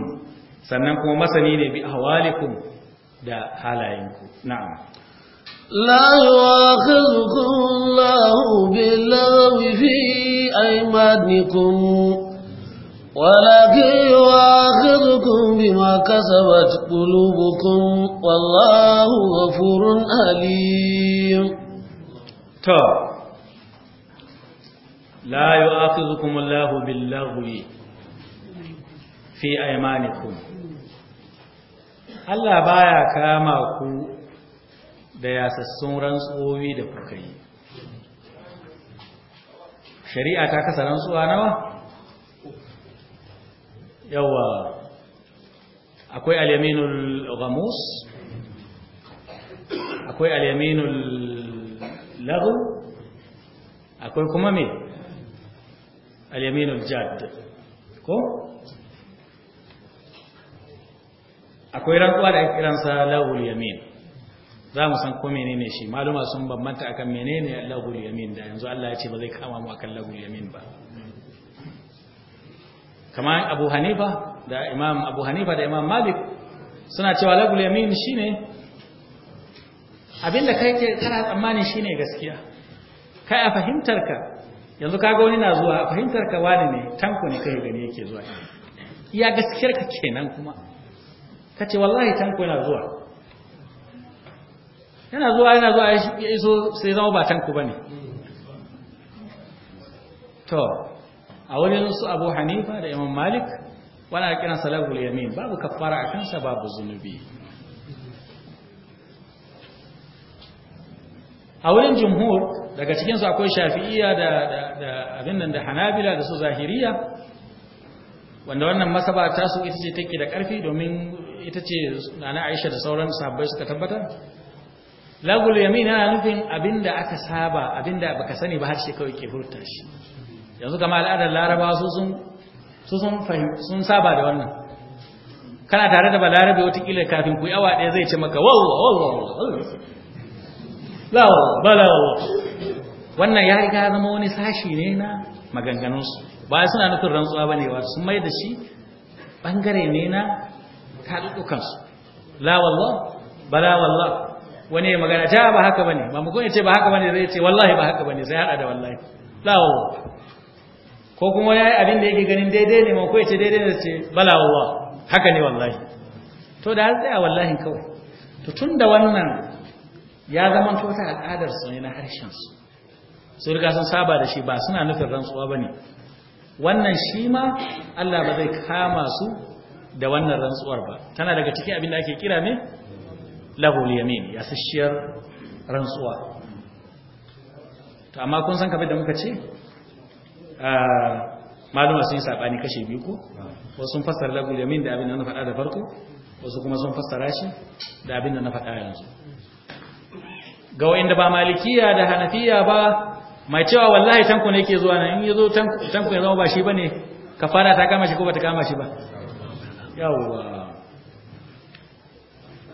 sannan kuma masani ne bi ahwalikum da halayenku na'am لا يؤاخذكم الله باللغو في أيمانكم ولكن يؤاخذكم بما كسبت قلوبكم والله غفور أليم لا يؤاخذكم الله باللغو في أيمانكم الله بايا kama da yasassun rantsuwowi da kuka yi shari'a ta kasa rantsuwa nawa yawa akwai alyaminul ghamus akwai alyaminul lagu akwai kuma me alyaminul jadd ko akwai rantsuwa da ake kiransa lahul yamin za mu san ko menene shi maluma sun bambanta akan menene lahul yamin da yanzu Allah ya ce ba zai kama mu akan lagul yamin ba kamar Abu Hanifa da Imam Abu Hanifa da Imam Malik suna cewa lagul yamin shine abinda kai ke kana tsammani shine gaskiya kai a fahimtarka yanzu kaga wani na zuwa a fahimtarka wani ne tanko ne kai gani yake zuwa iya gaskiyar ka kenan kuma kace wallahi tanko yana zuwa yana zuwa yana zuwa ya iso sai zama ba tanku ne. to a wurin su Abu Hanifa da Imam Malik wani kiran salahul yamin babu kafara a kansa babu zunubi a wurin jumhur daga cikinsu akwai shafi'iya da abin da hanabila da su zahiriya wanda wannan masaba ta su ita ce take da karfi domin ita ce na aisha da sauran sabbai suka tabbatar lagul yamin yana nufin abinda aka saba abinda baka sani ba har shi kawai ke furta shi yanzu kama al'adar larabawa su sun sun saba da wannan kana tare da balarabe watakila kafin ku yawa ɗaya zai ce maka wau wau lawa balawa wannan ya riga zama wani sashi ne na maganganunsu ba suna nufin rantsuwa ba ne sun mai da shi bangare ne na su la wallah bala wallah wani ya magana ja ba haka bane ba mugun ya ce ba haka bane zai ce wallahi ba haka bane sai hada da wallahi lawo ko kuma yayi abin da yake ganin daidai ne ma ya ce daidai ne ce balawa haka ne wallahi to da tsaya wallahi kawai to tunda wannan ya zama to ta al'adar su ne na harshen su su riga sun saba da shi ba suna nufin rantsuwa bane wannan shi ma Allah ba zai kama su da wannan rantsuwar ba tana daga cikin abin da ake kira ne lahul yamin yasasshiyar rantsuwa to amma kun san kabe da muka ce maluma sun yi sabani kashe biyu ko wasu sun fassara lahul yamin da abin da na faɗa da farko wasu kuma sun fassara shi da abin da na faɗa yanzu ga wa'inda ba malikiya da hanafiya ba mai cewa wallahi tanku ne ke zuwa nan in yazo tanku ya zama ba shi bane kafara ta kama shi ko bata kama shi ba yawwa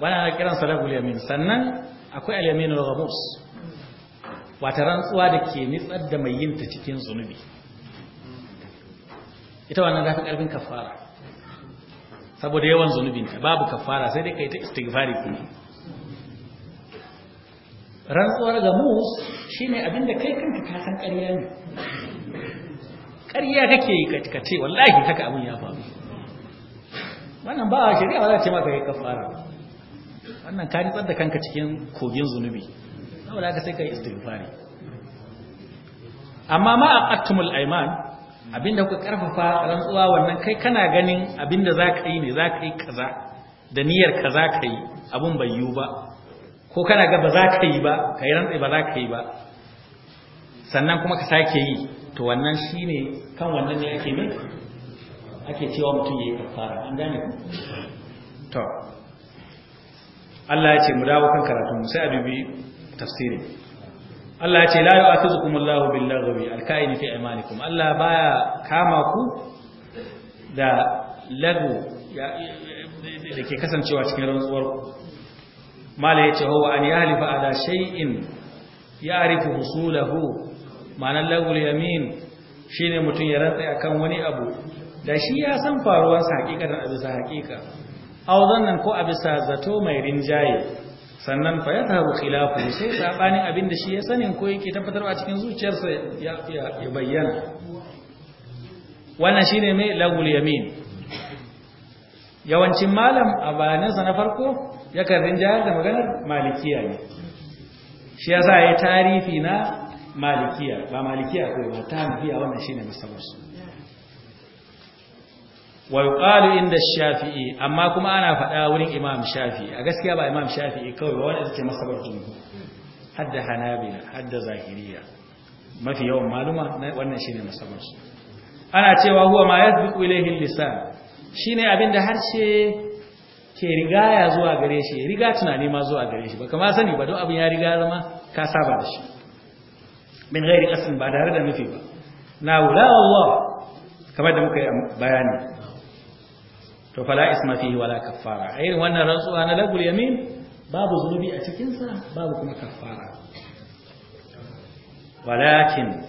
wannan ana kiran salahul yamin sannan akwai al-yaminul ghamus wata rantsuwa da ke nitsar da mai yinta cikin zunubi ita wannan zafi karfin kafara saboda yawan zunubinta babu kafara sai dai kai ta istighfari kuma rantsuwar gamus shine abinda kai kanka ka san ƙarya ne ƙarya kake yi ka ce wallahi haka abin ya faru wannan ba shari'a ba za ta ce maka kai kafara wannan ka nitsar da kanka cikin kogin zunubi saboda aka sai ka yi istirfari amma ma a aqattumul aiman abinda kuka karfafa rantsuwa wannan kai kana ganin abinda ka yi ne ka yi kaza da niyyar za ka yi abun bai yiwu ba ko kana ga ba za ka yi ba ka yi rantsi ba za ka yi ba sannan kuma ka sake yi to wannan shi ne kan wannan ne ake ne ake cewa mutum yi kafara an gane ku Allah ya ce mu dawo kan karatu sai a dubi tafsirin Allah ya ce la yu'akhidhukum Allahu bil laghwi al fi aymanikum Allah baya kama ku da lagu ya da ke kasancewa cikin rantsuwar ku mala ce, huwa an yahlifa ala shay'in ya'rifu husulahu ma'anar lagul yamin shine mutun ya rantsa akan wani abu da shi ya san faruwar sa abu sa hakika aw nan ko a bisa zato mai rinjaye sannan fa ya taru khilafu sai sabani abinda shi ya sanin ko yake tabbatar a cikin zuciyarsa ya bayyana wannan shine mai lagul yamin yawancin malam a bayanansa na farko yakan rinjayar da maganar malikiya ne shi yasa yayi tarifi na malikiya ba malikiya ko ba ta mafiya wannan shine musamman wa yuqalu inda shafi'i amma kuma ana faɗa wurin imam shafi'i a gaskiya ba imam shafi'i kawai ba wanda ce masabar jumhur hadda hanabila hadda zahiriya mafi yawan maluma wannan shine masabar su ana cewa huwa ma yasbiqu ilayhi lisan shine abinda harshe ke riga ya zuwa gare shi riga tunani ma zuwa gare shi ba kama sani ba don abin ya riga zama ka saba da shi min gairi kasin ba tare da nufi ba na wula Allah kamar da muka yi bayani to fala isma fihi wala kaffara a wannan rantsuwa na lagul yamin babu zunubi a cikinsa babu kuma kaffara walakin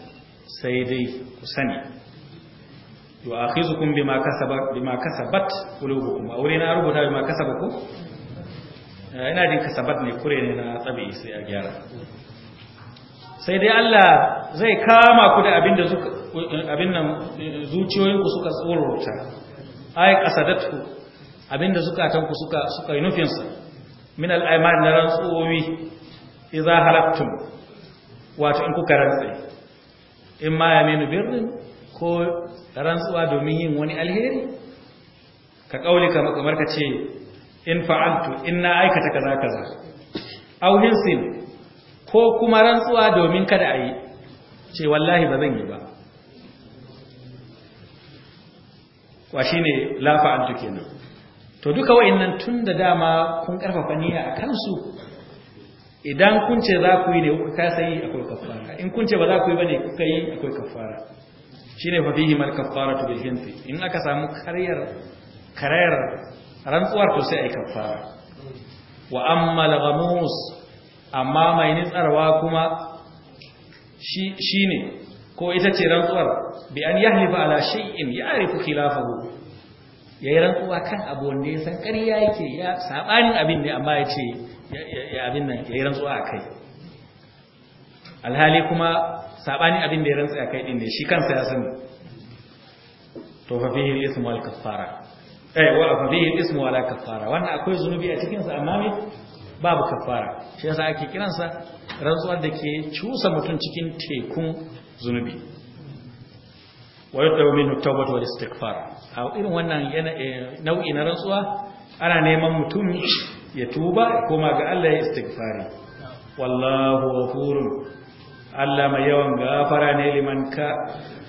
sai dai ku sani akhizukum bima kasaba bima kasabat qulubukum aure na rubuta bima kasabaku eh, ina jin kasabat ne kure ne na tsabi sai a gyara sai dai Allah zai kama ku da abin da abin nan zuciyoyinku suka tsorota ay qasadatu abinda zukatanku suka suka yi nufin sa min al aymani na rantsuwowi idza halaktum wato in kuka rantsi in ma yaminu birrin ko rantsuwa domin yin wani alheri ka kauli ka kamar ka ce in fa'altu in na aikata kaza kaza aw hinsin ko kuma rantsuwa domin kada a yi ce wallahi ba zan yi ba wa shine la fa'altu kenan to duka nan tun da dama kun karfafa niyya a kansu idan kun ce za ku yi ne kuka sayi yi akwai kafara in kun ce ba za ku yi ne kuka yi akwai kafara ne fafi himar kafara kafaratu bai hinti in aka samu karyar karyar rantsuwar to sai yi kafara wa amma al amma mai nitsarwa kuma shi ne. ko ita ce rantsuwar bi an yahlifa ala shay'in ya'rifu khilafahu yi rantsuwa kan abu wanda ya san ƙarya yake ya sabanin abin ne amma ya ce ya abin nan ya yi rantsuwa akai alhali kuma sabanin abin da ya rantsa akai din ne shi kansa ya sani to fa fihi ismu al kaffara eh wa fa fihi ismu ala kaffara wannan akwai zunubi a cikin sa amma me babu kaffara shi yasa ake kiransa rantsuwar da ke cusa mutum cikin tekun zunubi wa yatawu minhu tawbatu wal istighfar a irin wannan eh, nau'i na rantsuwa ana neman mutum ya tuba ya koma ga Allah ya istighfari wallahu furun. Allah mai yawan gafara ne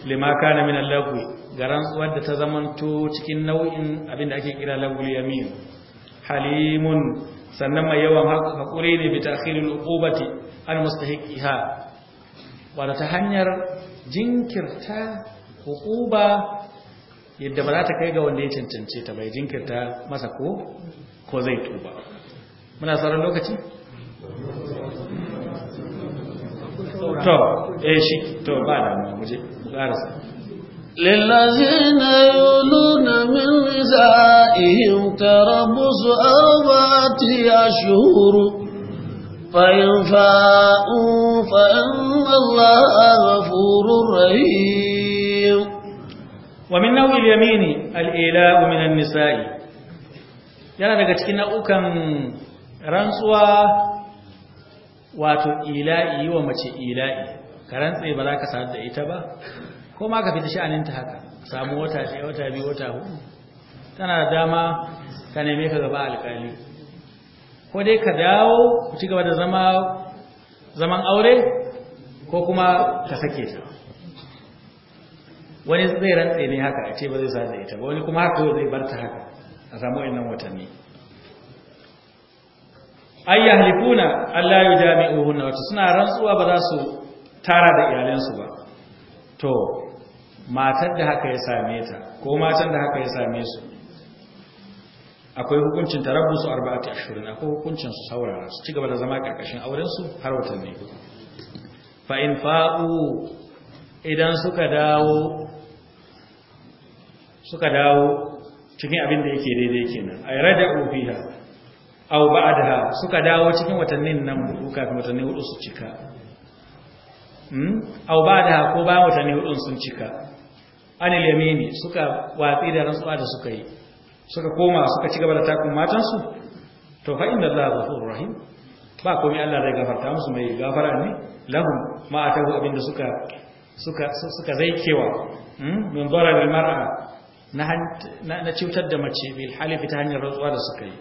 limaka na minan lagwi ga rantsuwar da ta zamanto cikin nau'in abinda ake kira lagul yamin halimun sannan mai yawan haƙuri ne bi ta'khiril uqubati al mustahiqiha wadda ta hanyar jinkirta hukuba yadda ba za ta kai ga wanda ya cancance ta bai jinkirta masa ko ko zai tuba muna sauran lokaci? to eh shi to ba da muje karasa للذين يولون من نسائهم تربص أربعة أشهر فإن فاءوا فإن الله غفور رحيم ومن نوع اليمين الإيلاء من النساء yana daga cikin nau'ukan rantsuwa wato ila'i yiwa mace ila'i ka rantse ba za ka sadu da ita ba ko ma ka fita sha'aninta haka samu wata ce wata biyu wata hudu tana da dama ka neme ka gaba alkali ko dai ka dawo ku ci gaba da zama zaman aure ko kuma ka sake ta wani zai rantse ne haka a ce ba zai sa ita ba wani kuma haka zai bar ta haka a samu innan watanni ay yahlifuna alla yujami'uhunna wato suna rantsuwa ba za su tara da iyalansu ba to matar da haka ya same ta ko matan da haka ya same su akwai hukuncin arba'a arba'ati ashirin, akwai hukuncin su saurara su ci gaba da zama karkashin auren su har watanni fa in fa'u idan suka dawo suka dawo cikin abin da yake daidai kenan ay rada'u fiha aw ba'daha suka dawo cikin watannin nan hudu kafin watanni hudu su cika hmm aw ba'daha ko bayan watanni hudu sun cika anil yamini suka watsi da rantsuwa da suka yi suka koma suka ci gaba da takun matansu to fa inna allaha ghafurur rahim ba komai Allah zai gafarta musu mai gafara ne lahum ma atahu abinda suka suka suka Mun hmm, min darar mar'a na na cutar da mace bil halifi ta hanyar rantsuwa da suka yi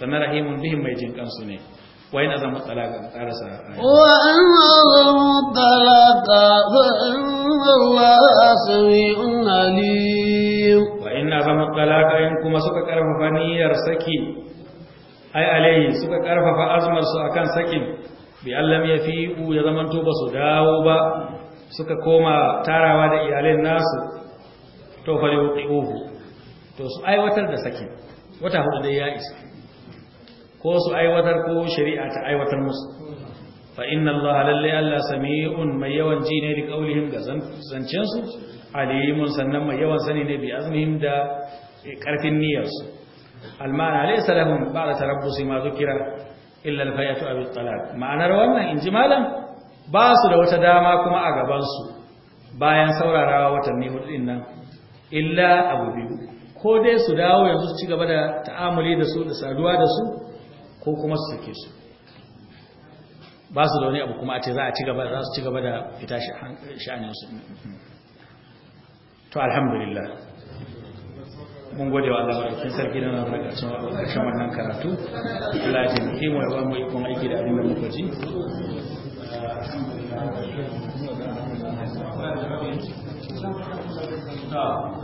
sannan rahimun bihim mai jin kansu ne وإن أذن الطلاق أرسى وإن أذن الطلاق فإن الله سميع عليم Ina na zama talaka in kuma suka karfafa niyyar saki ai alayhi suka karfafa azumar su akan sakin bi allam ya fi u ya zamanto ba su dawo ba suka koma tarawa da iyalen nasu to fa yuqihu to su aiwatar da sakin wata hudu dai ya isa ko su aiwatar ko shari'a ta aiwatar musu fa inna allaha lalle allah sami'un mai yawan ji da kaulihim ga zancensu alimun sannan mai yawan sani ne bi azmihim da karfin niyyarsu almana laysa lahum ba'da tarabbusi ma zukira illa al-fayatu abi talaq ma'anar wannan inji malam ba su da wata dama kuma a gaban su bayan saurarawa watanni hudu nan illa abu biyu ko dai su dawo yanzu su ci gaba da ta'amuli da su da saduwa da su ko kuma su sake su ba su da wani abu kuma a ce za a ci gaba za su ci gaba da fita sha'aninsu to alhamdulillah mun gode wa Allah barkin sarki da nan da cewa karshen wannan karatu Allah ya taimake mu ya ba mu ikon aiki da abin da muke ji alhamdulillah